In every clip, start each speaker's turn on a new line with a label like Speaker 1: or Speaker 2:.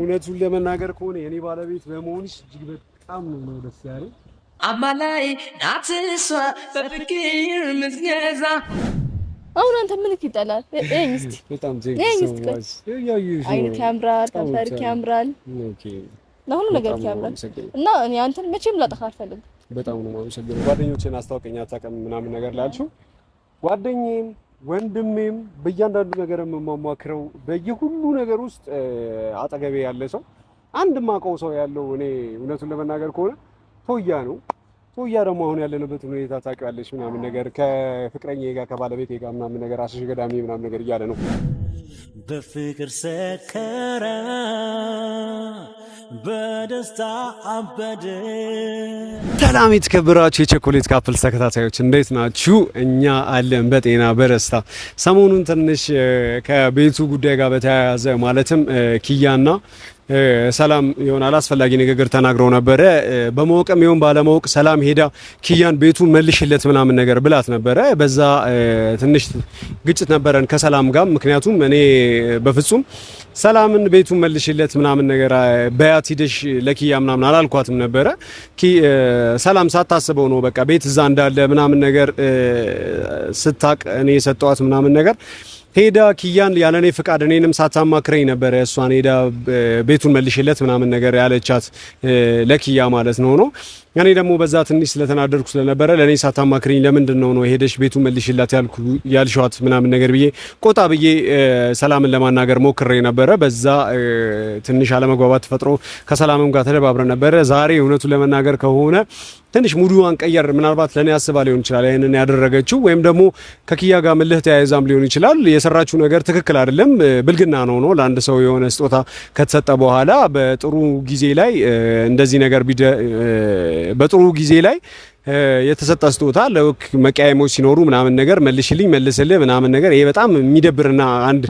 Speaker 1: እውነቱን ለመናገር ከሆነ የኔ ባለቤት በመሆንሽ እጅግ በጣም ነው ነው ደስ ያለ
Speaker 2: አማላይ ናት እሷ በፍቅር ምትገዛ።
Speaker 3: አሁን አንተ ምልክ ይጠላል።
Speaker 1: አይንክ ያምራል፣ ከንፈርክ ያምራል፣
Speaker 3: ለሁሉ ነገር ያምራል እና እኔ አንተን መቼም ላጠፋ አልፈልግም።
Speaker 1: በጣም ነው የማመሰግነው። ጓደኞቼን አስታውቀኝ አታውቅም ምናምን ነገር ላልሽው ጓደኛዬም ወንድሜም በእያንዳንዱ ነገር የምማማክረው በየሁሉ ነገር ውስጥ አጠገቤ ያለ ሰው አንድ ማቀው ሰው ያለው እኔ እውነቱን ለመናገር ከሆነ ቶያ ነው። ቶያ ደግሞ አሁን ያለንበት ሁኔታ ታውቂዋለሽ፣ ምናምን ነገር ከፍቅረኛ ጋር ከባለቤቴ ጋር ምናምን ነገር አስሽ ምናምን ነገር እያለ ነው በፍቅር ሰከራ በደስታ አበደ። ሰላም የተከበራችሁ የቸኮሌት ካፕል ተከታታዮች እንዴት ናችሁ? እኛ አለን በጤና በደስታ። ሰሞኑን ትንሽ ከቤቱ ጉዳይ ጋር በተያያዘ ማለትም ኪያና ሰላም ይሆናል አስፈላጊ ንግግር ተናግረው ነበረ። በመወቅም ይሁን ባለመወቅ ሰላም ሄዳ ኪያን ቤቱን መልሽለት ምናምን ነገር ብላት ነበረ። በዛ ትንሽ ግጭት ነበረን ከሰላም ጋር። ምክንያቱም እኔ በፍጹም ሰላምን ቤቱን መልሽለት ምናምን ነገር በያት ሂደሽ ለኪያ ምናምን አላልኳትም ነበረ። ሰላም ሳታስበው ነው በቃ ቤት እዛ እንዳለ ምናምን ነገር ስታቅ እኔ የሰጠዋት ምናምን ነገር ሄዳ ኪያን ያለኔ ፍቃድ እኔንም ሳታማክረኝ ነበረ እሷን ሄዳ ቤቱን መልሽለት ምናምን ነገር ያለቻት ለኪያ ማለት ነው ነው ያኔ ደግሞ በዛ ትንሽ ስለተናደድኩ ስለነበረ ለእኔ ሳታማክሪኝ ለምንድን ነው ነው ሄደሽ ቤቱ መልሽላት ያልሸዋት ምናምን ነገር ብዬ ቆጣ ብዬ ሰላምን ለማናገር ሞክሬ ነበረ። በዛ ትንሽ አለመግባባት ተፈጥሮ ከሰላምም ጋር ተደባብረ ነበረ። ዛሬ እውነቱን ለመናገር ከሆነ ትንሽ ሙድዋን ቀየር። ምናልባት ለእኔ አስባ ሊሆን ይችላል ይህንን ያደረገችው፣ ወይም ደግሞ ከኪያ ጋር ምልህ ተያይዛም ሊሆን ይችላል። የሰራችው ነገር ትክክል አይደለም፣ ብልግና ነው ነው ለአንድ ሰው የሆነ ስጦታ ከተሰጠ በኋላ በጥሩ ጊዜ ላይ እንደዚህ ነገር በጥሩ ጊዜ ላይ የተሰጠ ስጦታ መቀያየሞች ሲኖሩ ምናምን ነገር መልሽልኝ መልስልህ ምናምን ነገር ይሄ በጣም የሚደብርና አንድ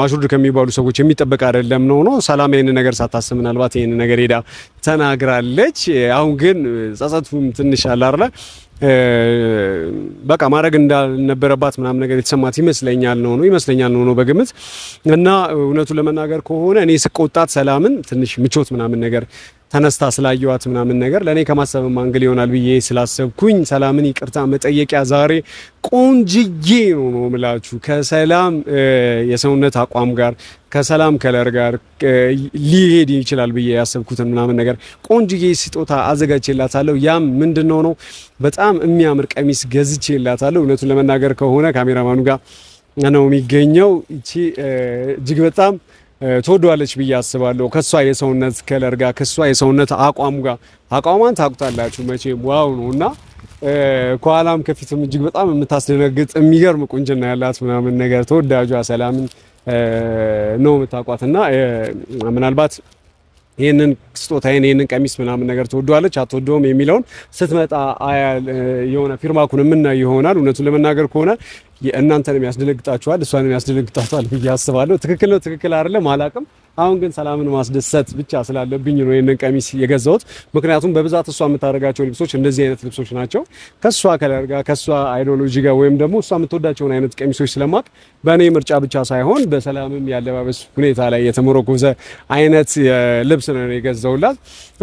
Speaker 1: ማሹርድ ከሚባሉ ሰዎች የሚጠበቅ አይደለም ነው ነው። ሰላም ይህን ነገር ሳታስብ ምናልባት ይህን ነገር ሄዳ ተናግራለች። አሁን ግን ጸጸቱም ትንሽ አላርለ በቃ ማድረግ እንዳልነበረባት ምናምን ነገር የተሰማት ይመስለኛል ነው ነው ይመስለኛል ነው ነው በግምት እና እውነቱን ለመናገር ከሆነ እኔ ስቆጣት ሰላምን ትንሽ ምቾት ምናምን ነገር ተነስታ ስላየዋት ምናምን ነገር ለእኔ ከማሰብ ማንግል ይሆናል ብዬ ስላሰብኩኝ ሰላምን ይቅርታ መጠየቂያ ዛሬ ቆንጅዬ ነው ነው ምላችሁ ከሰላም የሰውነት አቋም ጋር ከሰላም ከለር ጋር ሊሄድ ይችላል ብዬ ያሰብኩትን ምናምን ነገር ቆንጅዬ ስጦታ አዘጋጅቼላታለሁ። ያም ምንድነው ነው በጣም የሚያምር ቀሚስ ገዝቼላታለሁ። እውነቱን ለመናገር ከሆነ ካሜራማኑ ጋር ነው የሚገኘው። እቺ እጅግ በጣም ትወዷለች ብዬ አስባለሁ። ከሷ የሰውነት ከለር ጋር ከሷ የሰውነት አቋም ጋር አቋሟን ታውቁታላችሁ መቼም ዋው ነው እና ከኋላም ከፊትም እጅግ በጣም የምታስደነግጥ የሚገርም ቁንጅና ያላት ምናምን ነገር ተወዳጇ ሰላምን ነው የምታውቋት እና ምናልባት ይህንን ስጦታዬን ይህንን ቀሚስ ምናምን ነገር ትወደዋለች አትወደውም የሚለውን ስትመጣ አያል የሆነ ፊርማኩን የምናይ ይሆናል። እውነቱን ለመናገር ከሆነ እናንተንም ያስደነግጣችኋል፣ እሷንም ያስደነግጣችኋል ብዬ አስባለሁ። ትክክል ነው ትክክል አይደለም አላቅም። አሁን ግን ሰላምን ማስደሰት ብቻ ስላለብኝ ነው ይሄንን ቀሚስ የገዛሁት። ምክንያቱም በብዛት እሷ የምታደርጋቸው ልብሶች እንደዚህ አይነት ልብሶች ናቸው። ከሷ ከለር ጋር ከሷ አይዲዮሎጂ ጋር ወይም ደግሞ እሷ የምትወዳቸውን አይነት ቀሚሶች ስለማቅ በእኔ ምርጫ ብቻ ሳይሆን በሰላምም ያለባበስ ሁኔታ ላይ የተመረኮዘ አይነት ልብስ ነው የገዛሁላት።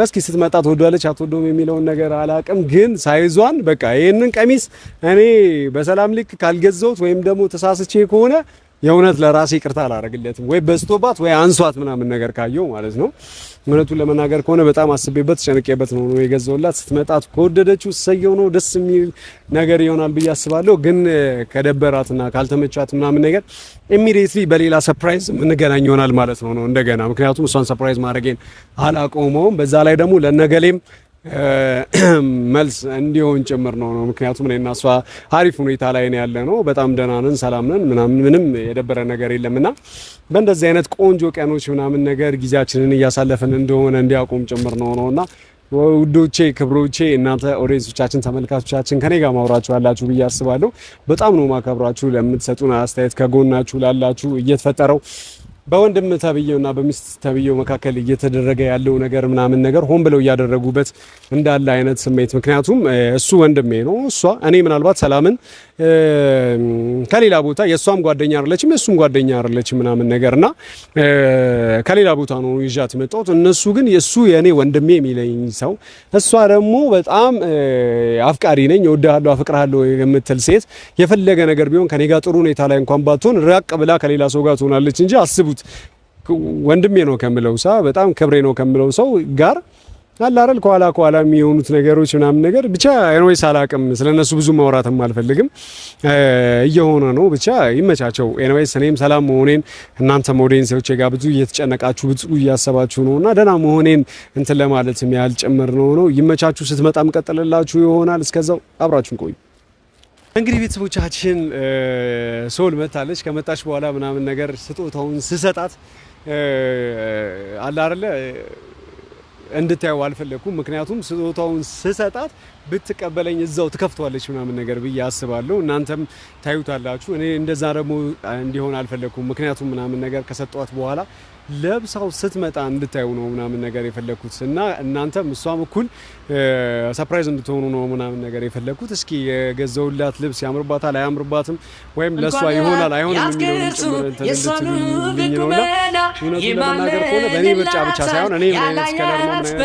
Speaker 1: እስኪ ስትመጣ ትወዷለች አትወዶም የሚለውን ነገር አላቅም፣ ግን ሳይዟን በቃ ይህንን ቀሚስ እኔ በሰላም ልክ ካልገዛሁት ወይም ደግሞ ተሳስቼ ከሆነ የእውነት ለራሴ ይቅርታ አላረግለትም ወይ በስቶባት ወይ አንሷት ምናምን ነገር ካየው ማለት ነው። እውነቱን ለመናገር ከሆነ በጣም አስቤበት ጨንቄበት ነው ነው የገዛውላት። ስትመጣት ከወደደችው ሰየው ነው ደስ የሚል ነገር ይሆናል ብዬ አስባለሁ። ግን ከደበራትና ካልተመቻት ምናምን ነገር ኢሚዲየትሊ በሌላ ሰርፕራይዝ እንገናኝ ይሆናል ማለት ነው ነው እንደገና ምክንያቱም እሷን ሰርፕራይዝ ማድረጌን አላቆመውም። በዛ ላይ ደግሞ ለነገሌም መልስ እንዲሆን ጭምር ነው ነው ምክንያቱም እኔና እሷ አሪፍ ሁኔታ ላይ ነው ያለ ነው። በጣም ደህና ነን፣ ሰላም ነን፣ ምናምን ምንም የደበረ ነገር የለምና በእንደዚህ አይነት ቆንጆ ቀኖች ምናምን ነገር ጊዜያችንን እያሳለፍን እንደሆነ እንዲያውቁም ጭምር ነው ነውና ውዶቼ ክብሮቼ እናንተ ኦዲየንሶቻችን ተመልካቾቻችን ከኔ ጋር ማውራችሁ አላችሁ ብዬ አስባለሁ። በጣም ነው ማከብራችሁ። ለምትሰጡን አስተያየት ከጎናችሁ ላላችሁ እየተፈጠረው በወንድም ተብዬውና በሚስት ተብዬው መካከል እየተደረገ ያለው ነገር ምናምን ነገር ሆን ብለው እያደረጉበት እንዳለ አይነት ስሜት። ምክንያቱም እሱ ወንድሜ ነው፣ እሷ እኔ ምናልባት ሰላምን ከሌላ ቦታ የእሷም ጓደኛ አይደለችም የእሱም ጓደኛ አይደለችም ምናምን ነገርና ከሌላ ቦታ ነው ይዣት የመጣሁት። እነሱ ግን የእሱ የእኔ ወንድሜ የሚለኝ ሰው፣ እሷ ደግሞ በጣም አፍቃሪ ነኝ እወድሃለሁ፣ አፍቅርሃለሁ የምትል ሴት የፈለገ ነገር ቢሆን ከኔ ጋር ጥሩ ሁኔታ ላይ እንኳን ባትሆን ራቅ ብላ ከሌላ ሰው ጋር ትሆናለች እንጂ አስቡት ያሉት ወንድሜ ነው ከምለው ሰው በጣም ክብሬ ነው ከምለው ሰው ጋር አለ አይደል ከኋላ ከኋላ የሚሆኑት ነገሮች ምናምን ነገር ብቻ ኤንዌይስ አላቅም። ስለነሱ ብዙ ማውራትም አልፈልግም። እየሆነ ነው ብቻ ይመቻቸው። ኤንዌይስ እኔም ሰላም መሆኔን እናንተ ሞዴን ሰዎች ጋር ብዙ እየተጨነቃችሁ ብዙ እያሰባችሁ ነው እና ደህና መሆኔን እንትን ለማለት ያህል ጭምር ነው ነው። ይመቻችሁ። ስትመጣም ቀጥልላችሁ ይሆናል። እስከዛው አብራችሁን ቆዩ። እንግዲህ ቤተሰቦቻችን ሶል መታለች። ከመጣች በኋላ ምናምን ነገር ስጦታውን ስሰጣት አለ አይደለ እንድታየው አልፈለኩም። ምክንያቱም ስጦታውን ስሰጣት ብትቀበለኝ እዛው ትከፍተዋለች ምናምን ነገር ብዬ አስባለሁ። እናንተም ታዩታላችሁ። እኔ እንደዛ ደግሞ እንዲሆን አልፈለኩም። ምክንያቱም ምናምን ነገር ከሰጧት በኋላ ለብሳው ስትመጣ እንድታዩ ነው ምናምን ነገር የፈለግኩት እና እናንተም እሷም እኩል ሰፕራይዝ እንድትሆኑ ነው ምናምን ነገር የፈለግኩት። እስኪ የገዘውላት ልብስ ያምርባታል አያምርባትም፣ ወይም ለእሷ ይሆናል አይሆንም የሚለውን ነውና እውነቱን ለመናገር ከሆነ በእኔ ምርጫ ብቻ ሳይሆን እኔ ምን አይነት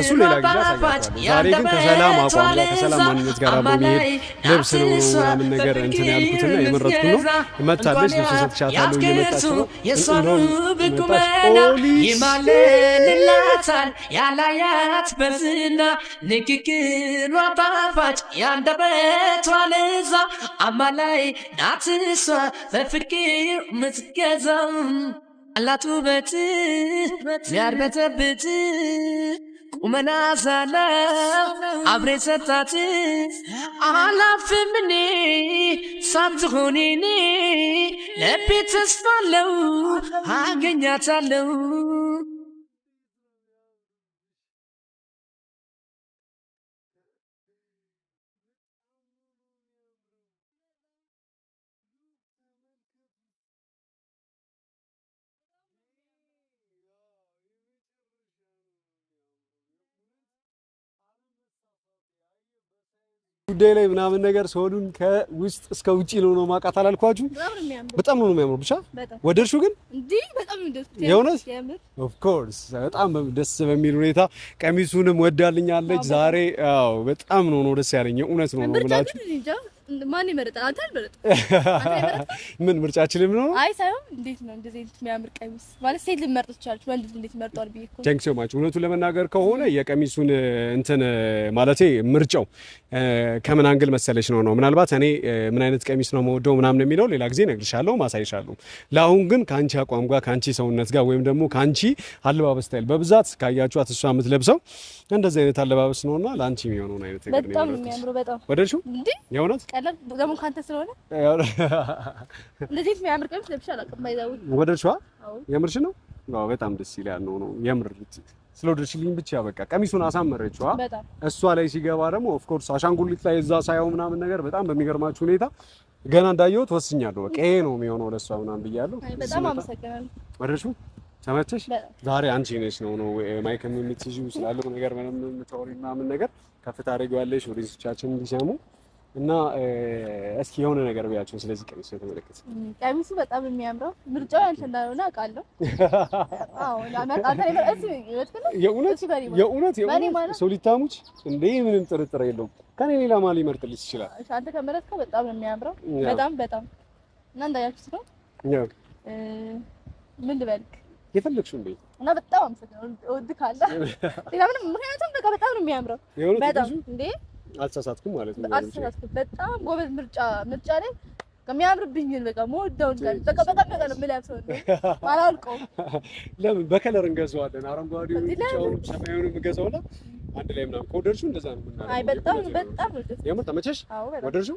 Speaker 1: እሱ ሌላ ጊዜ ዛሬ ግን ከሰላም አቋም ከሰላም ማንነት ጋር በሚሄድ ልብስ ነው ምናምን ነገር እንትን ያልኩትና የመረጥኩት ነው። መታለች ልብስ ሰጥቻታለሁ እየመጣች ነው የእሷን ውብ ይማልልላታል ያላያት በዝና ንግግሯ ጣፋጭ ያንደበቷ ልዛ አማላይ ናት እሷ በፍቅር ምትገዛም አላት ውበት ሚያርበተብት እመናሳለው አብሬ ሰጣት አላፍም እኔ ለቤት ተስፋለው አገኛታለው ጉዳይ ላይ ምናምን ነገር ሰሆኑን ከውስጥ እስከ ውጪ ነው ነው ማቃት አላልኳችሁ? በጣም ነው የሚያምሩ ብቻ ወደድሽው? ግን የእውነት ኦፍ ኮርስ በጣም ደስ በሚል ሁኔታ ቀሚሱንም ወዳልኛለች ዛሬ። አዎ በጣም ነው ነው ደስ ያለኝ የእውነት ነው
Speaker 3: ነው ብላችሁ ማን ይመረጣል? አንተ አልመረጥም።
Speaker 1: ምን ምርጫችን ምን ሆነ?
Speaker 3: አይ ሳይሆን እንዴት ነው እንደዚህ አይነት የሚያምር ቀሚስ ማለት ሴት ልመርጥ ትችላለች፣ ወንድ እንዴት ይመርጣል ብዬ እኮ።
Speaker 1: ቴንክስ ሶ ማች። እውነቱን ለመናገር ከሆነ የቀሚሱን እንትን ማለቴ ምርጫው ከምን አንግል መሰለች ነው ነው ምናልባት እኔ ምን አይነት ቀሚስ ነው መወደው ምናምን የሚለው ሌላ ጊዜ እነግርሻለሁ፣ ማሳይሻለሁ። ለአሁን ግን ከአንቺ አቋም ጋር ከአንቺ ሰውነት ጋር ወይም ደግሞ ከአንቺ አለባበስ ስታይል በብዛት ካያችኋት እሷ የምትለብሰው እንደዚህ አይነት አለባበስ ነውና ለአንቺ የሚሆነውን አይነት
Speaker 3: ነገር ነው። በጣም የሚያምሩ በጣም ወደድሽው እንዴ የእውነት ቀለም ደግሞ ካንተ ስለሆነ እንደዚህ የሚያምር ቀሚስ ለብሼ አላውቅም።
Speaker 1: አይዛው ወደድሽዋ? የምርሽ ነው? አዎ በጣም ደስ ይላል። ነው ነው የምር ስለወደድሽልኝ ብቻ በቃ ቀሚሱን አሳመረችዋ። እሷ ላይ ሲገባ ደግሞ ኦፍ ኮርስ አሻንጉሊት ላይ እዛ ሳያው ምናምን ነገር በጣም በሚገርማችሁ ሁኔታ ገና እንዳየሁት ወስኛለሁ። በቃ ይሄ ነው የሚሆነው ለእሷ ምናምን ብያለሁ።
Speaker 3: በጣም አመሰግናለሁ።
Speaker 1: ወደድሽው? ተመቸሽ? ዛሬ አንቺ ነሽ ነው ነው ማይክ የምትይዙ ስላለው ነገር ምንም የምታወሪ ምናምን ነገር ከፍታ አድርጊዋለሽ ኦዲየንሶቻችን እንዲሰሙ እና እስኪ የሆነ ነገር ብያችሁን። ስለዚህ ቀሚስ የተመለከተ
Speaker 3: ቀሚሱ በጣም የሚያምረው ምርጫው ያንተ እንዳልሆነ አውቃለሁ። አዎ
Speaker 1: የእውነት የእውነት ሶሊታሙች እንዴ ምንም ጥርጥር የለውም። ከኔ ሌላ ማን ሊመርጥልሽ ይችላል?
Speaker 3: አንተ ከመረጥከው በጣም ነው የሚያምረው። በጣም በጣም እና እንዳያችሁት ነው። ምን ልበልክ የፈለግሽው እንዴ እና በጣም አመሰግናለሁ። እወድካለሁ። ሌላ ምንም ምክንያቱም በቃ በጣም ነው የሚያምረው። በጣም እንዴ
Speaker 1: አልተሳሳትኩም ማለት ነው።
Speaker 3: አልተሳሳትኩም። በጣም ጎበዝ ምርጫ ምርጫ ላይ ከሚያምርብኝን በቃ ሞዳውን ጋር በቃ በቃ በቃ ነው የምላሰው አላልቀውም።
Speaker 1: ለምን በከለር እንገዛዋለን? አረንጓዴው፣ ቢጫውን፣ ሰማያዊውን ነው አንድ ላይ ምናምን ከወደድሽው እንደዛ ነው የምናደርገው።
Speaker 3: አይ በጣም በጣም የምር ተመቸሽ? አዎ
Speaker 1: ወደድሽው?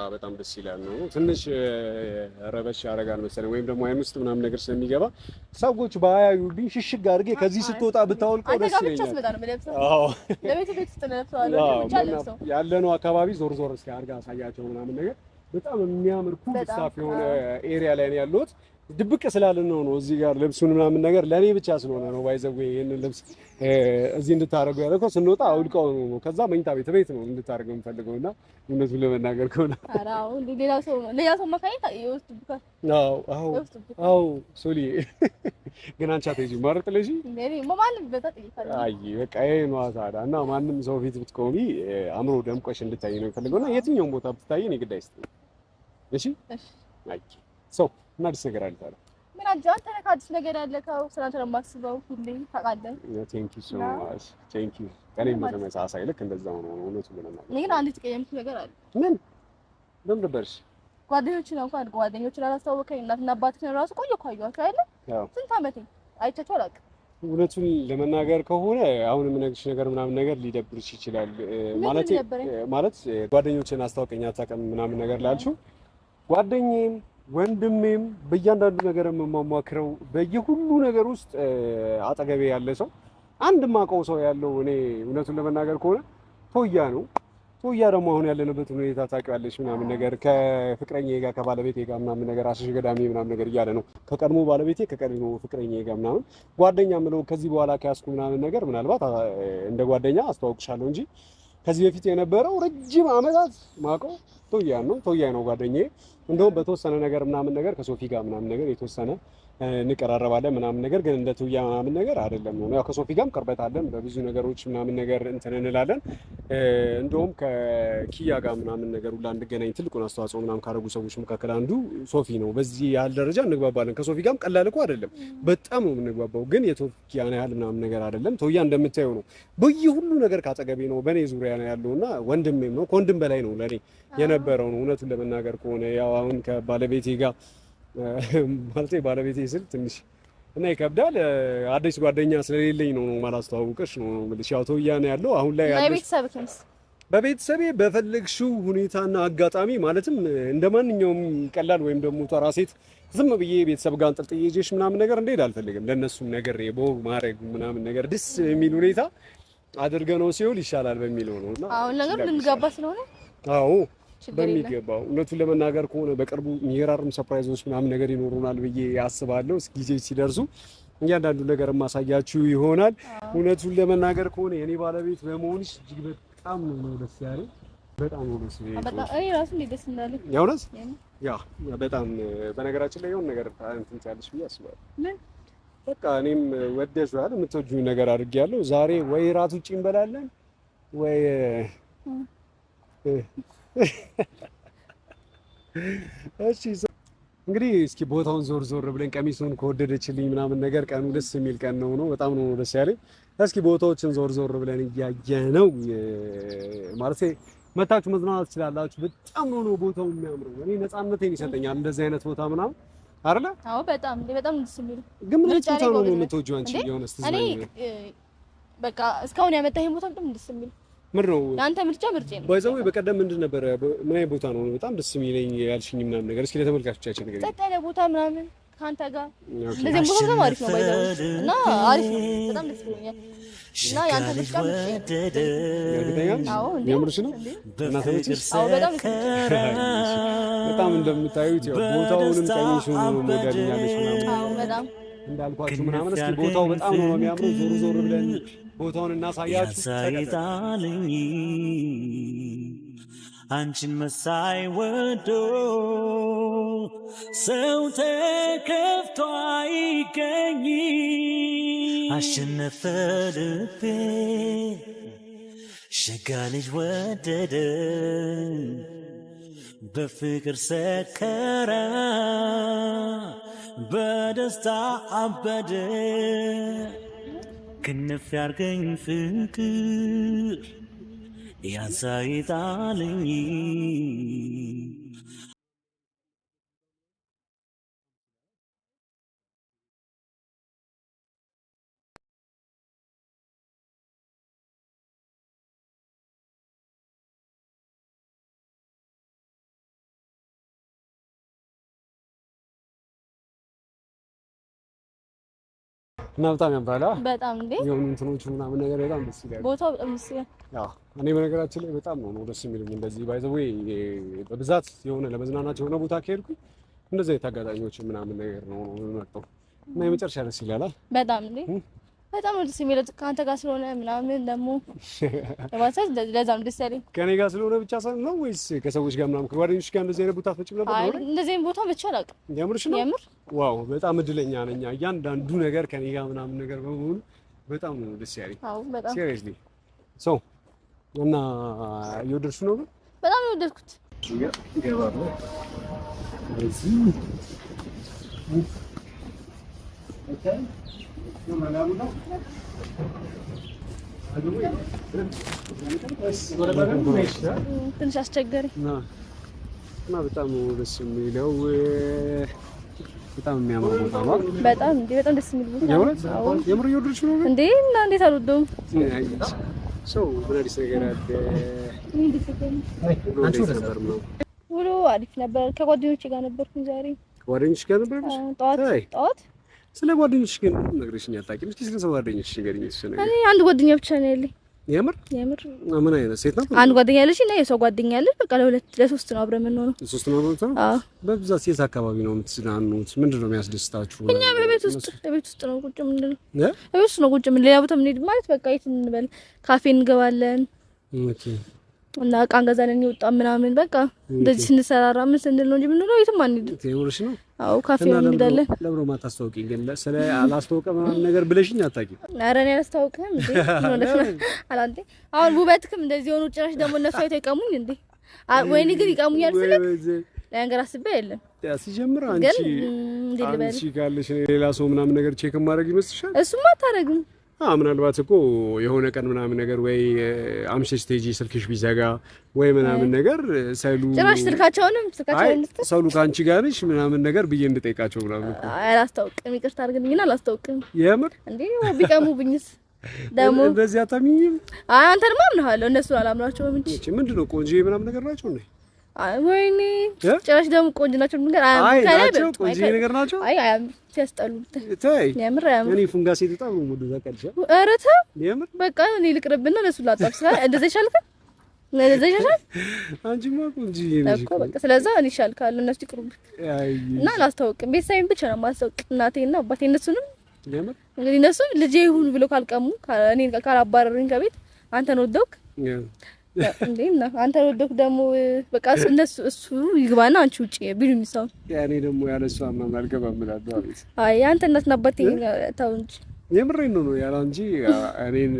Speaker 1: አዎ በጣም ደስ ይላል። ነው ትንሽ ረበሽ ያደርጋል መሰለኝ ወይም ደግሞ አይን ውስጥ ምናምን ነገር ስለሚገባ ሰዎች ባያዩብኝ ሽሽግ አድርጌ ከዚህ ስትወጣ ብታወልቀው
Speaker 3: ደስ ይለኛል። አዎ ለቤት ቤት ነው አዎ
Speaker 1: ያለነው አካባቢ ዞር ዞር እስኪ አድርጋ አሳያቸው ምናምን ነገር በጣም የሚያምር ኩል ሳፍ የሆነ ኤሪያ ላይ ነው ያለሁት። ድብቅ ስላልን ነው ነው እዚህ ጋር ልብሱን ምናምን ነገር ለእኔ ብቻ ስለሆነ ነው። ባይዘጉ ይህንን ልብስ እዚህ እንድታደርገው ያደረገው ስንወጣ አውልቀው ነው። ከዛ መኝታ ቤት ቤት ነው እንድታደርገው የምፈልገው እና እውነቱን ለመናገር ከሆነ ሌላ ሰው ሶሊ ግን አንቺ አትሄጂም ማለት ልጅ በቃ ይሄ ነዋ ታዲያ። እና ማንም ሰው ፊት ብትቆሚ አምሮ ደምቆሽ እንድታይ ነው የምፈልገው እና የትኛውም ቦታ ብትታይ እኔ ግድ አይስጥም። እሺ ሰው ምን አዲስ ነገር አለ ታዲያ?
Speaker 3: ምን አዲስ ነህ ከአዲስ ነገር ያለከው። ስላንተ ነው የማስበው ሁሌ ታውቃለህ።
Speaker 1: ቴንኪው ሶ ማች ቴንኪው። እኔም በተመሳሳይ ልክ እንደዛ ነው። እውነቱን ለመናገር
Speaker 3: ነው ግን አንድ የተቀየምኩት ነገር አለ።
Speaker 1: ምን ምን ነበርሽ?
Speaker 3: ጓደኞችን እንኳን ጓደኞችን አላስተዋወቀኝ። እናትና አባትህን እራሱ ቆየ አየኋቸው አይደል? ስንት ዓመቴ አይቻቸው አላውቅም።
Speaker 1: እውነቱን ለመናገር ከሆነ አሁን የምነግርሽ ነገር ምናምን ነገር ሊደብርሽ ይችላል። ማለት ማለት ጓደኞችን አስታወቀኝ አታውቅም ምናምን ነገር ላልሽው ጓደኛዬም ወንድሜም በእያንዳንዱ ነገር የምማሟክረው በየሁሉ ነገር ውስጥ አጠገቤ ያለ ሰው አንድ ማቀው ሰው ያለው እኔ እውነቱን ለመናገር ከሆነ ቶያ ነው። ቶያ ደግሞ አሁን ያለንበት ሁኔታ ታውቂዋለሽ፣ ምናምን ነገር ከፍቅረኛ ጋር ከባለቤቴ ጋር ምናምን ነገር አሸሽ ምናምን ነገር እያለ ነው። ከቀድሞ ባለቤቴ ከቀድሞ ፍቅረኛ ጋር ምናምን ጓደኛ ምለው ከዚህ በኋላ ከያዝኩ ምናምን ነገር ምናልባት እንደ ጓደኛ አስተዋውቅሻለሁ እንጂ ከዚህ በፊት የነበረው ረጅም ዓመታት ማውቀው ቶያን ነው ቶያ ነው ጓደኛዬ። እንደውም በተወሰነ ነገር ምናምን ነገር ከሶፊ ጋር ምናምን ነገር የተወሰነ እንቀራረባለን ምናምን ነገር ግን እንደ ትውያ ምናምን ነገር አይደለም። ነው ያው ከሶፊ ጋርም ቅርበት አለን በብዙ ነገሮች ምናምን ነገር እንትን እንላለን። እንደውም ከኪያ ጋር ምናምን ነገር ሁላ እንድገናኝ ትልቁን አስተዋጽኦ ምናምን ካደረጉ ሰዎች መካከል አንዱ ሶፊ ነው። በዚህ ያህል ደረጃ እንግባባለን። ከሶፊ ጋርም ቀላል እኮ አይደለም፣ በጣም ነው የምንግባባው። ግን የቶኪያን ያህል ምናምን ነገር አይደለም። ትውያ እንደምታየው ነው በየ ሁሉ ነገር ካጠገቤ ነው፣ በእኔ ዙሪያ ነው ያለውና ወንድሜም ነው ከወንድም በላይ ነው ለእኔ የነበረው ነው እውነቱን ለመናገር ከሆነ ያው አሁን ከባለቤቴ ጋር ማለት ባለቤቴ ስል ትንሽ እና ይከብዳል። አዲስ ጓደኛ ስለሌለኝ ነው ነው ማላስተዋውቅሽ ነው ነው እንግዲህ ያው ተውያኔ ያለው አሁን ላይ
Speaker 3: ያለው ቤተሰብክንስ
Speaker 1: በቤተሰቤ በፈለግሽው ሁኔታና አጋጣሚ ማለትም እንደ ማንኛውም ቀላል ወይም ደግሞ ተራ ሴት ዝም ብዬ ቤተሰብ ጋር አንጠልጥዬ ይዤሽ ምናምን ነገር እንዴት አልፈልግም። ለእነሱም ነገር ቦ ማድረግ ምናምን ነገር ደስ የሚል ሁኔታ አድርገ ነው ሲሆን ይሻላል በሚለው ነው
Speaker 3: አሁን ነገር ልንጋባ ስለሆነ
Speaker 1: አዎ በሚገባው እውነቱን ለመናገር ከሆነ በቅርቡ የሚገራርም ሰርፕራይዞች ምናምን ነገር ይኖሩናል ብዬ አስባለሁ። ጊዜ ሲደርሱ እያንዳንዱ ነገር ማሳያችሁ ይሆናል። እውነቱን ለመናገር ከሆነ የኔ ባለቤት በመሆንሽ እጅግ በጣም ነው ደስ ያለኝ። በጣም ነው ደስ ያለኝ። እኔ ራሱ የእውነት ያ በጣም በነገራችን ላይ የሆነ ነገር እንትን ትያለሽ ብዬ አስባለሁ። በቃ እኔም ወደሽዋል የምትወጂው ነገር አድርጌያለሁ። ዛሬ ወይ ራት ውጭ እንበላለን ወይ እሺ እንግዲህ እስኪ ቦታውን ዞር ዞር ብለን ቀሚሱን ከወደደችልኝ ምናምን ነገር ቀኑ ደስ የሚል ቀን ነው ነው በጣም ነው ደስ ያለኝ። እስኪ ቦታዎችን ዞር ዞር ብለን እያየ ነው ማለት መታችሁ መዝናናት ትችላላችሁ። በጣም ነው ነው ቦታው የሚያምረው። እኔ ነፃነቴን ይሰጠኛል እንደዚህ አይነት ቦታ ምናምን አይደለ?
Speaker 3: አዎ በጣም በጣም ደስ የሚል
Speaker 1: ግን ምን ቦታ ነው የምትወጂው አንቺ? የሆነ እኔ
Speaker 3: በቃ እስካሁን ያመጣኸኝ ቦታ በጣም ደስ የሚል ምር ነው ለአንተ ምርጫ ምርጬ ነው።
Speaker 1: ባይዘው በቀደም ምንድን ነበረ? ምን አይነት ቦታ ነው በጣም ደስ የሚለኝ ያልሽኝ ምናምን ነገር እስኪ ለተመልካቾቻችን ነገር
Speaker 3: ጸጥ ያለ ቦታ ምናምን ከአንተ ጋር እንደዚህ ቦታ በጣም አሪፍ ነው። ባይዘው እና አሪፍ ነው፣ በጣም ደስ ብሎኛል። በጣም
Speaker 1: እንደምታዩት ቦታውንም ቀኝሽ ነው ሞዳልኛለሽ በጣም እንዳልኳችሁ ምናምን እስኪ ቦታው በጣም ነው የሚያምረው። ዞር ዞር ብለን ቦታውን እናሳያችሁ። ያሳይጣልኝ አንቺን መሳይ ወዶ ሰው ተከፍቶ አይገኝ አሸነፈ ልቤ ሸጋ ልጅ ወደደ በፍቅር ሰከራ በደስታ አበደ ክንፍ ያርገኝ ፍቅር ያንሳይጣልኝ እና በጣም ያምራል። በጣም እንዴ የሆኑ እንትኖቹ ምናምን ነገር በጣም ደስ ይላል።
Speaker 3: ቦታው በጣም ደስ ይላል።
Speaker 1: ያው እኔ በነገራችን ላይ በጣም ነው ነው ደስ የሚለኝ እንደዚህ ባይ ዘ ወይ በብዛት የሆነ ለመዝናናት የሆነ ቦታ ከሄድኩኝ እንደዚህ አይነት አጋጣሚዎች ምናምን ነገር ነው ነው የምመጣው እና የመጨረሻ ደስ ይላል።
Speaker 3: በጣም እንዴ በጣም ደስ የሚለው ከአንተ ጋር ስለሆነ ምናምን ደግሞ ለማንሳት ለዛም ደስ ያለኝ።
Speaker 1: ከኔ ጋር ስለሆነ ብቻ ነው ወይስ ከሰዎች ጋር ምናምን ከጓደኞች ጋር እንደዚህ አይነት ቦታ አትመጭም ነበር?
Speaker 3: አይ እንደዚህ አይነት ቦታ መቼ አላውቅም። የምርሽ ነው? የምር
Speaker 1: ዋው፣ በጣም እድለኛ ነኝ። እያንዳንዱ ነገር ከኔ ጋር ምናምን ነገር በመሆኑ በጣም ነው ደስ ያለኝ። አዎ በጣም ሲሪየስሊ። ሶ እና የወደድሽ ነው? ግን?
Speaker 3: በጣም ነው የወደድኩት። ይገባል ትንሽ አስቸገረኝ
Speaker 1: እና በጣም ደስ የሚለው በጣም የሚያምር ቦታ ነው።
Speaker 3: በጣም እንዴ በጣም ደስ የሚል ቦታ
Speaker 1: ነው። የምር እየወደድሽ ነው
Speaker 3: እንዴ? እና እንዴት አልወደውም
Speaker 1: ሰው ምን አዲስ ነገር
Speaker 3: አለ? ውሎ አሪፍ ነበር። ከጓደኞቼ ጋር ነበርኩኝ ዛሬ።
Speaker 1: ከጓደኞች ጋር ነበር
Speaker 3: ጠዋት ጠዋት
Speaker 1: ስለ ጓደኞችሽ ግን ምንም አታውቂም። እስኪ ስለ ጓደኞችሽ ንገሪኝ። እሱ
Speaker 3: ነገር እኔ አንድ ጓደኛ ብቻ ነው ያለኝ። የምር የምር።
Speaker 1: ምን አይነት ሴት ናት?
Speaker 3: አንድ ጓደኛ ያለሽ እና የሰው ጓደኛ ያለሽ። በቃ ለሁለት ለሶስት ነው አብረን የምንሆነው።
Speaker 1: ለሶስት ነው አብረን ነው። አዎ። በብዛት የት አካባቢ ነው የምትዝናኑት? ምንድን ነው የሚያስደስታችሁ?
Speaker 3: እኛ በቤት ውስጥ በቤት ውስጥ ነው ቁጭ ምን ነው ውስጥ ነው ቁጭ ምን ሌላ ቦታ የምንሄድ ማለት በቃ የት እንበል፣ ካፌ እንገባለን። ኦኬ። እና ዕቃ እንገዛለን፣ ይወጣ ምናምን በቃ እንደዚህ ስንሰራራ ምን ስንል ነው እንጂ የምንውለው የትም አንሄድም። የምርሽ ነው አዎ ካፌ እንሄዳለን።
Speaker 1: ለምን ነው የማታስተዋውቂኝ? ግን ስለ አላስተዋውቀ ምናምን ነገር ብለሽኝ አታውቂም።
Speaker 3: ኧረ እኔ አላስተዋውቅህም እንዴ? አላንተ አሁን ውበትክም እንደዚህ ሆኖ ጭራሽ ደግሞ እነሱ አይተው ይቀሙኝ እንዴ? ወይኔ ግን ይቀሙኛል ስልክ ለነገር አስቤ የለም
Speaker 1: ሲጀምር። አንቺ አንቺ ካለሽ ሌላ ሰው ምናምን ነገር ቼክ ማድረግ ይመስልሻል?
Speaker 3: እሱማ አታረግም
Speaker 1: ምናልባት እኮ የሆነ ቀን ምናምን ነገር ወይ አምሽሽ ቴጂ ስልክሽ ቢዘጋ ወይ ምናምን ነገር ሰሉ
Speaker 3: ጭራሽ ስልካቸውንም ስልካቸውን
Speaker 1: ሰሉ ከአንቺ ጋር ነሽ ምናምን ነገር ብዬ እንድጠይቃቸው ምናምን
Speaker 3: አላስታውቅም። ይቅርታ አድርግልኝና አላስታውቅም። የምር እንዴ ቢቀሙብኝስ
Speaker 1: ደግሞ እንደዚህ አታሚኝም?
Speaker 3: አንተንማ አምናለሁ፣ እነሱን አላምናቸውም እንጂ
Speaker 1: ምንድን ነው ቆንጆ ምናምን ነገር ናቸው እንዴ
Speaker 3: ወይኔ ጭራሽ ደግሞ ቆንጆ ናቸው።
Speaker 1: ነገር ነገር ናቸው።
Speaker 3: አይ ሲያስጠሉ ታይ የምር
Speaker 1: እኔ ፉንጋ ሴት በጣም ነው ሙዱ ዘቀልሽ
Speaker 3: አረታ የምር በቃ እኔ ልቅርብና እነሱ ላጣፍ ስራ እንደዛ ይሻልከ እንደዛ ይሻልከ
Speaker 1: አንቺማ ቆንጆ ነሽ
Speaker 3: እኮ በቃ ስለዛ እኔ ይሻልካል እነሱ ይቅርቡ እና አላስታውቅም። ቤተሰቤን ብቻ ነው የማስታውቅ እናቴና አባቴ እነሱንም እንግዲህ እነሱ ልጄ ይሁን ብሎ ካልቀሙ እኔን ካላባረሩኝ ከቤት አንተን ወደውክ እንዴት ነው አንተ ወደክ ደግሞ በቃ እነሱ እሱ ይግባና አንቺ ውጪ ቢሉ የሚሰው
Speaker 1: ያኔ ደግሞ ያለ እሷ ምናምን አልገባም እላለሁ። አቤት
Speaker 3: አይ አንተ እናት ናባቴ ተው እንጂ
Speaker 1: የምሬን ነው ነው ያለ እንጂ እኔን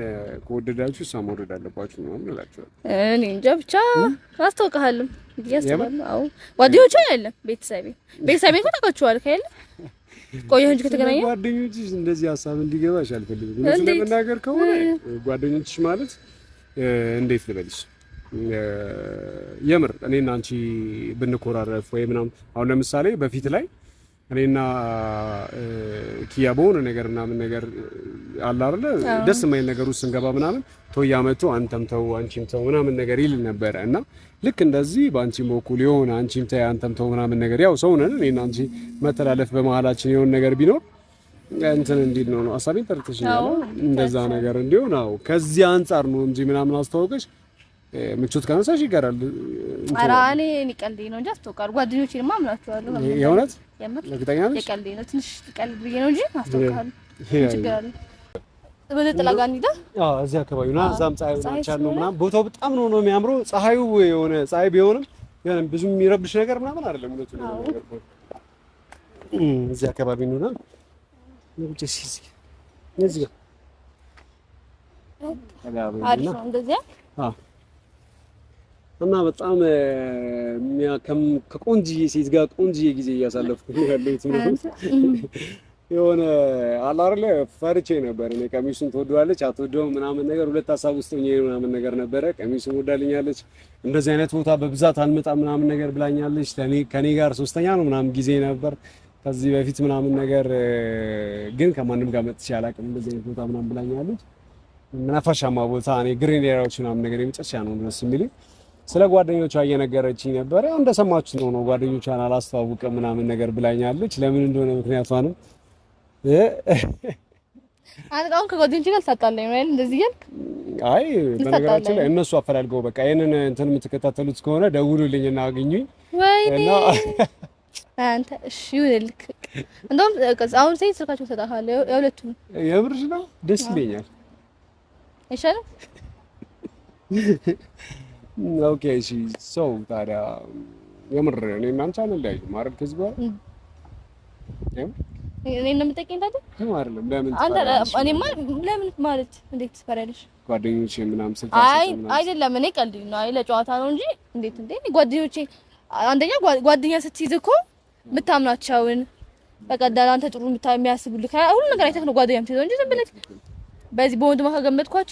Speaker 1: ከወደዳችሁ እሷ መውደድ አለባችሁ ነው እላቸዋለሁ።
Speaker 3: እኔ እንጃ ብቻ አስታውቅሃለሁ እያስባለሁ። አዎ ጓደኞቿ ያለ ቤተሰቤ ቤተሰቤ እኮ ታውቃችኋለህ አይደል? ቆየ እንጂ ከተገናኘ
Speaker 1: ጓደኞች እንደዚህ ሀሳብ እንዲገባሽ አልፈልግም። ስለምናገር ከሆነ ጓደኞችሽ ማለት እንዴት ልበልሽ የምር እኔና አንቺ ብንኮራረፍ ወይ ምናምን አሁን ለምሳሌ በፊት ላይ እኔና ኪያ በሆነ ነገር ምናምን ነገር አለ አይደለ ደስ የማይል ነገር ውስጥ ስንገባ ምናምን ቶያ መጥቶ አንተም ተው አንቺም ተው ምናምን ነገር ይል ነበረ እና ልክ እንደዚህ በአንቺም በኩል የሆነ አንቺም ተይ አንተም ተው ምናምን ነገር ያው ሰው ነን እኔና አንቺ መተላለፍ በመሀላችን የሆነ ነገር ቢኖር እንትን እንዲል ነው ነው ሀሳቤ ነው እንደዛ ነገር እንዲሆን አዎ፣ ከዚህ አንጻር ነው እንጂ ምናምን አስተዋውቀሽ ምቾት ካነሳሽ ይቀራል።
Speaker 3: ኧረ እኔ እኔ ቀልዴ ነው እንጂ አስተውቃለሁ። ጓደኞቼንማ አምናቸዋለሁ።
Speaker 1: የእውነት እርግጠኛ
Speaker 3: ነሽ? የቀልዴ ነው ትንሽ ቀልድ ብዬሽ ነው እንጂ አስተውቃለሁ። ችግር ወደ ጥላ ጋር እንሂዳ።
Speaker 1: አዎ እዚህ አካባቢ እና እዛም ፀሐይ ብቻ ነው ምናምን ቦታው በጣም ነው ነው የሚያምረው። ፀሐዩ የሆነ ፀሐይ ቢሆንም የሆነ ብዙም የሚረብሽ ነገር ምናምን አይደለም። እውነቱን ነው እዚህ አካባቢ ነው እና እና በጣም ከቆንጅዬ ሴት ጋር ቆንጅዬ ጊዜ እያሳለፍኩ ያለሁት የሆነ አለ ፈርቼ ነበር እኔ ቀሚሱን ትወደዋለች አትወደውም ምናምን ነገር ሁለት ሀሳብ ውስጥ ሆኜ ምናምን ነገር ነበረ። ቀሚሱን ወዳልኛለች፣ እንደዚህ አይነት ቦታ በብዛት አልመጣም ምናምን ነገር ብላኛለች። ከኔ ጋር ሶስተኛ ነው ምናምን ጊዜ ነበር ከዚህ በፊት ምናምን ነገር ግን ከማንም ጋር መጥቼ አላውቅም እንደዚህ አይነት ቦታ ምናምን ብላኛለች። መናፈሻማ ቦታ እኔ ግሪን ኤሪያዎች ምናምን ነገር የመጨረሻ ነው ደስ የሚለኝ። ስለ ጓደኞቿ እየነገረችኝ ነበር። ያው እንደሰማችሁ ነው ነው ጓደኞቿን አላስተዋውቅም ምናምን ነገር ብላኛለች። ለምን እንደሆነ ምክንያቷንም
Speaker 3: አንተ አሁን ከጓደኞች ጋር ልታጣላኝ ነው እንደዚህ እያልክ?
Speaker 1: አይ በነገራችን ላይ እነሱ አፈላልገው በቃ ይሄንን እንትን የምትከታተሉት ከሆነ ደውሉልኝና አግኙኝ።
Speaker 3: ወይኔ አንተ እሺ ይሁንልክ። እንደውም አሁን ሴት ስልካቸው እሰጥሃለሁ። የሁለቱም
Speaker 1: የብርሽ ነው። ደስ ይለኛል። አይሻልም? ኦኬ እሺ። ሰው ታዲያ የምር እኔ እናንተ አንቺ አንለያይም አይደል? ከዚህ በኋላ
Speaker 3: እኔ ነው እንደምጠቀኝ ታዲያ አይደለም። ለምን አንተ እኔማ ለምን ማለት እንዴት ትፈሪያለሽ?
Speaker 1: ጓደኞቼ ምናምን ስልክ
Speaker 3: አይ አይደለም። እኔ ቀልድ ነው። አይ ለጨዋታ ነው እንጂ እንዴት እንዴ ጓደኞቼ አንደኛ ጓደኛ ስትይዝ እኮ የምታምናቸውን በቃ አንተ ጥሩ የሚያስቡልህ ሁሉ ነገር አይተህ ነው ጓደኛም ትይዘው እንጂ ዝም ብለህ በዚህ በወንድ ማካ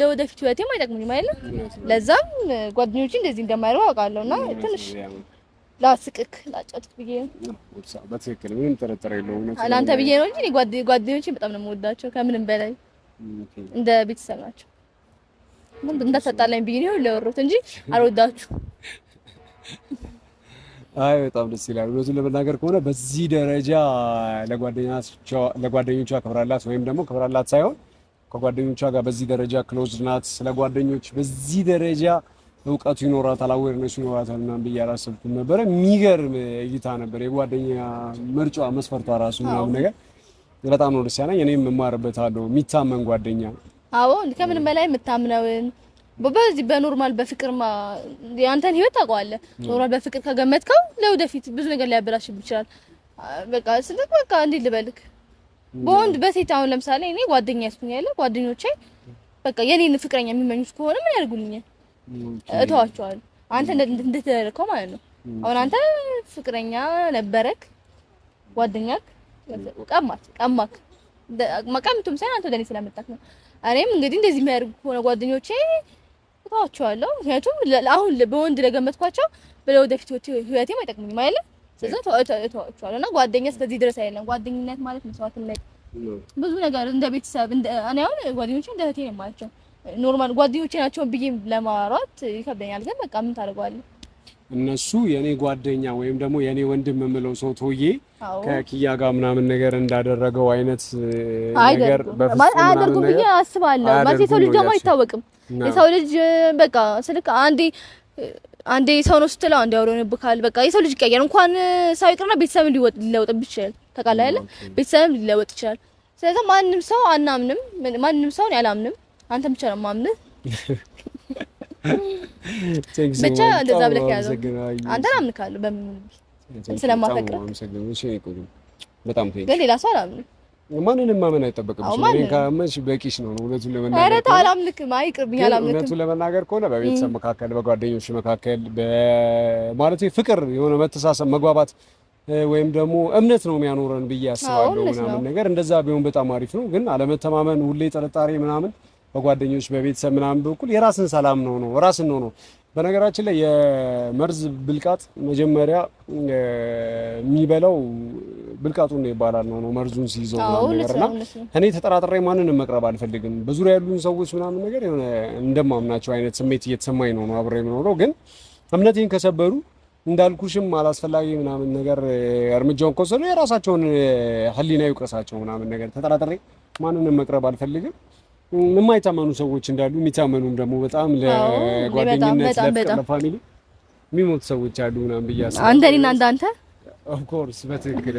Speaker 3: ለወደፊት ህይወቴም አይጠቅሙኝም አይደለም። ለዛም ጓደኞቼ እንደዚህ እንደማይረው አውቃለሁና ትንሽ ላስቅክ ላጫውትክ ብዬ ነው።
Speaker 1: በትክክል ምንም ጥርጥር የለውም።
Speaker 3: ለአንተ ብዬ ነው እንጂ ጓደኞቼን በጣም ነው የምወዳቸው ከምንም በላይ እንደ ቤተሰብ ናቸው። ምን ብዬ ነው ለወሮት እንጂ አልወዳችሁ
Speaker 1: አይ በጣም ደስ ይላል። እውነቱን ለመናገር ከሆነ በዚህ ደረጃ ለጓደኞቿ ክብራላት ወይም ደግሞ ክብራላት ሳይሆን ከጓደኞቿ ጋር በዚህ ደረጃ ክሎዝ ናት። ስለ ጓደኞች በዚህ ደረጃ እውቀቱ ይኖራታል፣ አዌርነሱ ይኖራታል ምናምን ብዬ አላሰብኩም ነበረ። የሚገርም እይታ ነበር። የጓደኛ ምርጫ መስፈርቷ ራሱ ምናምን ነገር በጣም ነው ደስ ያለኝ። እኔም አለው የሚታመን ጓደኛ።
Speaker 3: አዎ ከምንም በላይ የምታምነውን በዚህ በኖርማል በፍቅር የአንተን ህይወት ታውቀዋለህ። ኖርማል በፍቅር ከገመትከው ለወደፊት ብዙ ነገር ሊያበላሽብ ይችላል። በቃ ስለዚህ በቃ እንዴት ልበልክ፣ በወንድ በሴት አሁን ለምሳሌ እኔ ጓደኛ ያስኩኝ ያለ ጓደኞቼ በቃ የኔን ፍቅረኛ የሚመኙት ከሆነ ምን ያደርጉልኛል? እተዋቸዋለሁ። አንተ እንደተደረከው ማለት ነው። አሁን አንተ ፍቅረኛ ነበረክ፣ ጓደኛክ ቀማት ቀማክ መቀምቱም ሳይሆን አንተ ወደ እኔ ስለመጣክ ነው። እኔም እንግዲህ እንደዚህ የሚያደርጉ ከሆነ ጓደኞቼ እተዋቸዋለሁ። ምክንያቱም አሁን በወንድ ለገመትኳቸው ለወደፊት ህይወቴም አይጠቅሙኝም አይደለም። ስለዚህ እተዋቸዋለሁ እና ጓደኛ እስከዚህ ድረስ አይደለም። ጓደኝነት ማለት መስዋዕትነት ብዙ ነገር እንደ ቤተሰብ እኔ አሁን ጓደኞቼ እንደ እህቴ ነው የማያቸው። ኖርማል ጓደኞቼ ናቸውን ብዬ ለማውራት ይከብደኛል፣ ግን በቃ ምን ታደርገዋለህ
Speaker 1: እነሱ የኔ ጓደኛ ወይም ደግሞ የኔ ወንድም የምለው ሰው ቶዬ ከኪያ ጋር ምናምን ነገር እንዳደረገው አይነት
Speaker 3: ነገር አያደርጉም ብዬ አስባለሁ። ማለት የሰው ልጅ ደግሞ አይታወቅም። የሰው ልጅ በቃ ስልክ አንዴ አንዴ ሰው ነው ስትለው አንዴ አውሬ ሆነብካል። በቃ የሰው ልጅ ይቀያል። እንኳን ሰው ይቅርና ቤተሰብ ሊለወጥብ ይችላል። ተቃላ አይደል? ቤተሰብ ሊለወጥ ይችላል። ስለዚህ ማንም ሰው አናምንም፣ ማንም ሰው እኔ አላምንም። አንተ ብቻ ነው የማምንህ።
Speaker 1: ብቻ
Speaker 3: እንደዛ ብለህ ያዘው። አንተን አምንካለሁ ስለማፈቅር በጣም ግን ሌላ ሰው አላምንም።
Speaker 1: ማንንም ማመን አይጠበቅብሽም። ካመንሽ በቂሽ ነው። እውነቱን ለመናገር
Speaker 3: ኧረ ተው አላምንክም፣ አይቅርብኝ፣ አላምንክም።
Speaker 1: እውነቱን ለመናገር ከሆነ በቤተሰብ መካከል፣ በጓደኞች መካከል በማለቴ ፍቅር የሆነ መተሳሰብ፣ መግባባት ወይም ደግሞ እምነት ነው የሚያኖረን ብዬ አስባለሁ ምናምን ነገር እንደዛ ቢሆን በጣም አሪፍ ነው። ግን አለመተማመን፣ ሁሌ ጥርጣሬ ምናምን በጓደኞች በቤተሰብ ምናምን በኩል የራስን ሰላም ነው ነው ራስን ነው ነው። በነገራችን ላይ የመርዝ ብልቃጥ መጀመሪያ የሚበላው ብልቃጡን ነው ይባላል ነው ነው መርዙን ሲይዘው ምናምን ነገርና እኔ ተጠራጥሬ ማንንም መቅረብ አልፈልግም። በዙሪያ ያሉን ሰዎች ምናምን ነገር የሆነ እንደማምናቸው አይነት ስሜት እየተሰማኝ ነው ነው አብሬ የምኖረው ግን እምነቴን ከሰበሩ እንዳልኩሽም አላስፈላጊ ምናምን ነገር እርምጃውን ከወሰዱ የራሳቸውን ህሊና ይውቀሳቸው ምናምን ነገር ተጠራጥሬ ማንንም መቅረብ አልፈልግም። የማይታመኑ ሰዎች እንዳሉ የሚታመኑም ደግሞ በጣም ለጓደኝነት ለፍቅር ለፋሚሊ የሚሞቱ ሰዎች አሉ ምናምን ብዬ አስባለሁ።
Speaker 3: አንተና እንዳንተ
Speaker 1: ኦፍ በትክክል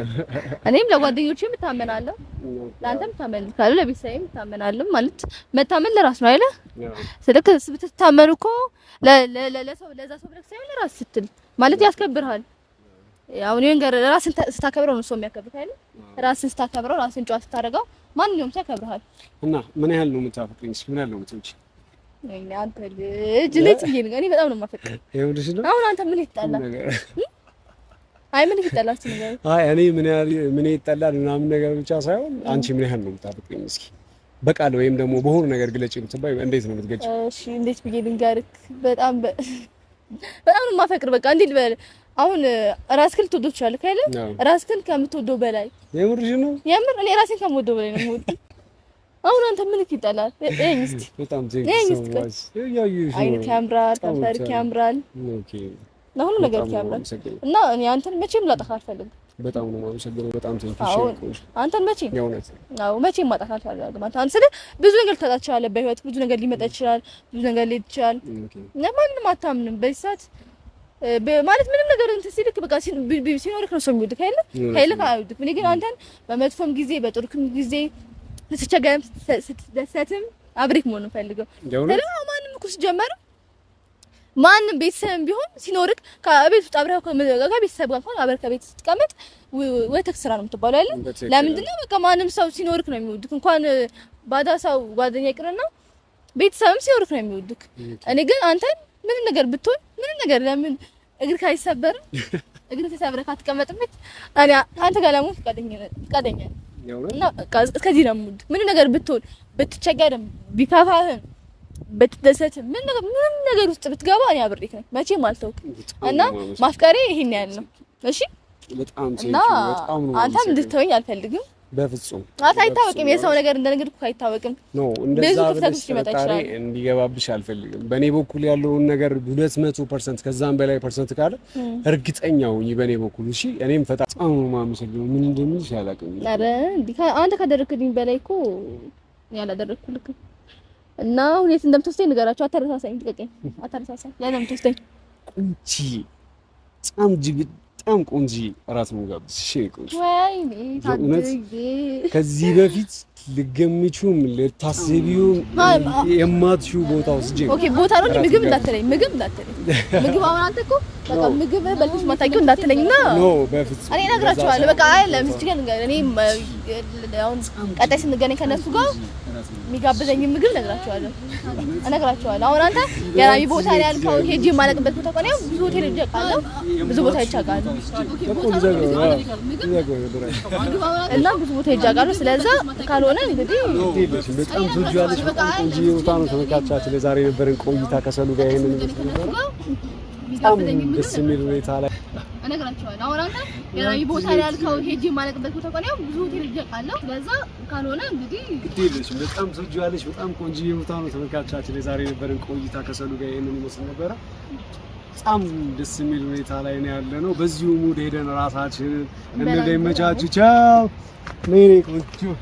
Speaker 3: እኔም ለጓደኞች የምታመናለሁ ለአንተም ታመን ካሉ ለቤተሰብ የምታመናለሁ ማለት መታመን ለራስ ነው አይደል? ስለዚህ ብትታመኑ እኮ ለሰው ለዛ ሰው ብለህ ሳይሆን ለራስ ስትል ማለት ያስከብርሃል። ያው እኔ ነገር ራስን ስታከብረው ነው ሰው የሚያከብርህ አይደል? ራስን ስታከብረው፣ ራስን ጨዋ ስታደርገው ማንኛውም ሰው ያከብርሃል።
Speaker 1: እና ምን ያህል ነው የምታፈቅሪኝ? ምን ያህል ነው የምትወጪ?
Speaker 3: እኔ አንተ ልጅ ልጅ ይሄን እኔ በጣም ነው የማፈቅርህ። ይኸውልሽ ነው አሁን አንተ ምን ይጣላል? አይ ምን ይጣላል?
Speaker 1: አይ እኔ ምን ያህል ምን ይጣላል ምናምን ነገር ብቻ ሳይሆን አንቺ ምን ያህል ነው የምታፈቅሪኝ? እስኪ በቃል ወይም ደግሞ በሆኑ ነገር ግለጪ የምትባይ እንዴት ነው የምትገጪው?
Speaker 3: እሺ እንዴት ብዬ ልንገርህ? በጣም በጣም ነው የማፈቅርህ። በቃ እንዴት በል አሁን ራስክን ትወደው ትችላለህ ካለ ራስክን ከምትወደው በላይ የምር ነው። የምር እኔ ራሴን ከምወደው በላይ ነው የምወደው። አሁን አንተ ምን ይጠላል? እኔ እስቲ በጣም ዘይት ያምራል፣ ከንፈር ያምራል፣ ለሁሉ ነገር ያምራል። እና እኔ አንተን መቼም ላጠፋ አልፈልግም።
Speaker 1: በጣም ነው የማመሰግነው። በጣም
Speaker 3: አንተን መቼም አዎ፣ መቼም ማጣት አልፈልግም። አንተ ስለ ብዙ ነገር ተጣቻለ፣ በህይወት ብዙ ነገር ሊመጣ ይችላል፣ ብዙ ነገር ሊሄድ ይችላል። ማንም አታምንም በዚህ ሰዓት ማለት ምንም ነገር እንትን ሲልክ በቃ ሲኖርክ ነው ሰው የሚወድክ አይደለ? ኃይልክ አይወድክ። እኔ ግን አንተን በመጥፎም ጊዜ በጥሩክም ጊዜ ስትቸገርም ስትደሰትም አብሬክ መሆን ፈልገው ስለዚህ ማንም እኮ ሲጀመር ማንም ቤተሰብ ቢሆን ሲኖርክ ከቤት ውስጥ አብረህ ከቤተሰብ ጋር ከሆነ አብረህ ከቤት ስትቀመጥ ወተክ ስራ ነው የምትባለው አይደለ? ለምንድን ነው በቃ ማንም ሰው ሲኖርክ ነው የሚወድክ። እንኳን ባዳ ሰው ጓደኛ ይቅርና ቤተሰብም ሲኖርክ ነው የሚወድክ። እኔ ግን አንተን ምንም ነገር ብትሆን ምንም ነገር ለምን እግር ካይሰበር እግር ተሰብረ ካትቀመጥበት እኔ አንተ ጋር ለመሆን ፈቃደኛ ፈቃደኛ እና እስከዚህ ነው የምውድ። ምንም ነገር ብትሆን ብትቸገርም፣ ቢከፋህም፣ ብትደሰትም፣ ምን ነገር ምንም ነገር ውስጥ ብትገባ እኔ አብሬክ ነኝ፣ መቼም አልተውክም እና ማፍቀሬ ይሄን ያህል ነው። እሺ በጣም አንተም እንድትተወኝ አልፈልግም። በፍጹም አይታወቅም። የሰው ነገር እንደነገር እኮ አይታወቅም።
Speaker 1: ኖ እንደዛ ብለሽ ጥርጣሬ እንዲገባብሽ አልፈልግም። በእኔ በኩል ያለውን ነገር 200% ከዛም በላይ ፐርሰንት ካለ እርግጠኛ ሁኚ በእኔ በኩል እሺ። እኔም ፈጣን ነው የማመሰግነው። ምን እንደምልሽ አላውቅም።
Speaker 3: ኧረ አንተ ካደረክልኝ በላይ እኮ ያላደረግኩልክ እና ሁኔት እንደምትወስደኝ ንገራቸው። አታረሳሳኝ፣ ልቀቀኝ፣ አታረሳሳኝ። ለምን እንደምትወስደኝ
Speaker 1: ቁንቺ ጻም ጅብ በጣም ቆንጂ እራት ነው የምጋብዝሽ። እሺ
Speaker 3: ቆንጆ
Speaker 1: ከዚህ በፊት ልገምቹም ልታስቢውም የማትሽው ቦታ ውስጥ
Speaker 3: ኦኬ፣ ቦታ ነው ምግብ እንዳትለኝ፣ ምግብ እንዳትለኝ፣ ምግብ አሁን አንተ እኮ በቃ ምግብ በልተሽ ማታውቂው እንዳትለኝና
Speaker 1: ኖ፣ በፍጹም
Speaker 3: እኔ እነግራቸዋለሁ። በቃ አይ ለምስኪን እኔ አሁን ቀጣይ ስንገናኝ ከነሱ ጋር ሚጋብዘኝ ምግብ እነግራቸዋለሁ እነግራቸዋለሁ። አሁን አንተ ገራሚ ቦታ ላይ ያልከው የማለቅበት ቦታ ብዙ ሆቴል ብዙ ቦታ እና ብዙ ቦታ ስለዛ ካልሆነ እንግዲህ
Speaker 1: በጣም በጣም ቦታ ነው። ተመልካቻችን ለዛሬ የነበረን ቆይታ ከሰሉ ጋር በጣም ደስ የሚል ሁኔታ ላይ
Speaker 3: እነግራቸዋለሁ። አንተ ያለው ቦታ ላይ ያልከው ሄጂ የማለቅበት ቦታ ቆኔው ብዙ ሆቴል ይጀቃለሁ። ለዛ ካልሆነ እንግዲህ
Speaker 1: ግዴለሽ። በጣም ትርጁ ያለሽ በጣም ቆንጆ ቦታ ነው። ተመልካቾቻችን የዛሬ የነበረን ቆይታ ከሰሉ ጋር ይሄንን ይመስል ነበረ። በጣም ደስ የሚል ሁኔታ ላይ ነው ያለ ነው። በዚሁ ሙድ ሄደን ራሳችንን እንደደመቻችሁ ቻው። ኔ ቆንጆ